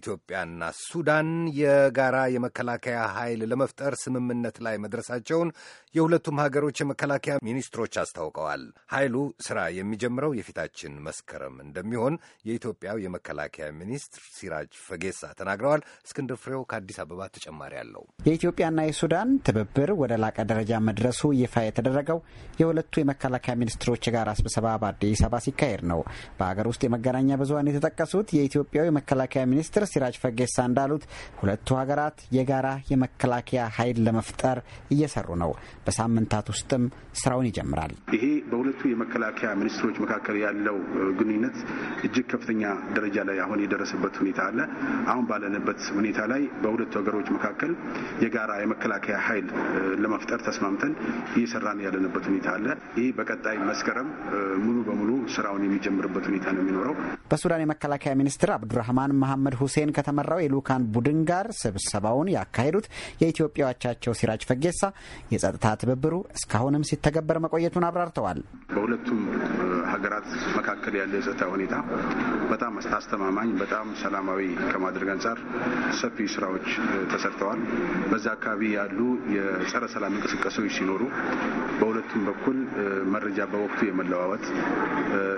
ኢትዮጵያና ሱዳን የጋራ የመከላከያ ኃይል ለመፍጠር ስምምነት ላይ መድረሳቸውን የሁለቱም ሀገሮች የመከላከያ ሚኒስትሮች አስታውቀዋል። ኃይሉ ስራ የሚጀምረው የፊታችን መስከረም እንደሚሆን የኢትዮጵያው የመከላከያ ሚኒስትር ሲራጅ ፈጌሳ ተናግረዋል። እስክንድር ፍሬው ከአዲስ አበባ ተጨማሪ አለው። የኢትዮጵያና የሱዳን ትብብር ወደ ላቀ ደረጃ መድረሱ ይፋ የተደረገው የሁለቱ የመከላከያ ሚኒስትሮች የጋራ ስብሰባ በአዲስ አበባ ሲካሄድ ነው። በሀገር ውስጥ የመገናኛ ብዙን የተጠቀሱት የኢትዮጵያው የመከላከያ ሚኒስትር ሲራጅ ፈጌሳ እንዳሉት ሁለቱ ሀገራት የጋራ የመከላከያ ኃይል ለመፍጠር እየሰሩ ነው። በሳምንታት ውስጥም ስራውን ይጀምራል። ይሄ በሁለቱ የመከላከያ ሚኒስትሮች መካከል ያለው ግንኙነት እጅግ ከፍተኛ ደረጃ ላይ አሁን የደረሰበት ሁኔታ አለ። አሁን ባለንበት ሁኔታ ላይ በሁለቱ ሀገሮች መካከል የጋራ የመከላከያ ኃይል ለመፍጠር ተስማምተን እየሰራን ያለንበት ሁኔታ አለ። ይህ በቀጣይ መስከረም ሙሉ በሙሉ ስራውን የሚጀምርበት ሁኔታ ነው የሚኖረው። በሱዳን የመከላከያ ሚኒስትር አብዱራህማን መሐመድ ሁሴን ሁሴን ከተመራው የልኡካን ቡድን ጋር ስብሰባውን ያካሄዱት የኢትዮጵያ አቻቸው ሲራጅ ፈጌሳ የጸጥታ ትብብሩ እስካሁንም ሲተገበር መቆየቱን አብራርተዋል። በሁለቱም ሀገራት መካከል ያለ የጸጥታ ሁኔታ በጣም አስተማማኝ፣ በጣም ሰላማዊ ከማድረግ አንጻር ሰፊ ስራዎች ተሰርተዋል። በዛ አካባቢ ያሉ የጸረ ሰላም እንቅስቃሴዎች ሲኖሩ በሁለቱም በኩል መረጃ በወቅቱ የመለዋወጥ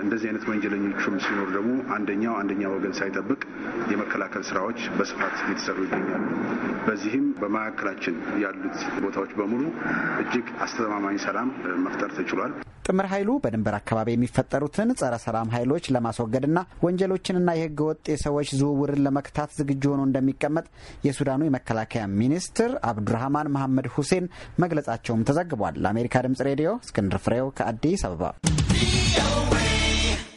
እንደዚህ አይነት ወንጀለኞቹም ሲኖሩ ደግሞ አንደኛው አንደኛ ወገን ሳይጠብቅ የመከላከል የማጠናከር ስራዎች በስፋት እየተሰሩ ይገኛሉ። በዚህም በማዕከላችን ያሉት ቦታዎች በሙሉ እጅግ አስተማማኝ ሰላም መፍጠር ተችሏል። ጥምር ኃይሉ በድንበር አካባቢ የሚፈጠሩትን ጸረ ሰላም ኃይሎች ለማስወገድና ወንጀሎችንና የህገ ወጥ የሰዎች ዝውውርን ለመክታት ዝግጁ ሆኖ እንደሚቀመጥ የሱዳኑ የመከላከያ ሚኒስትር አብዱራህማን መሐመድ ሁሴን መግለጻቸውም ተዘግቧል። ለአሜሪካ ድምጽ ሬዲዮ እስክንድር ፍሬው ከአዲስ አበባ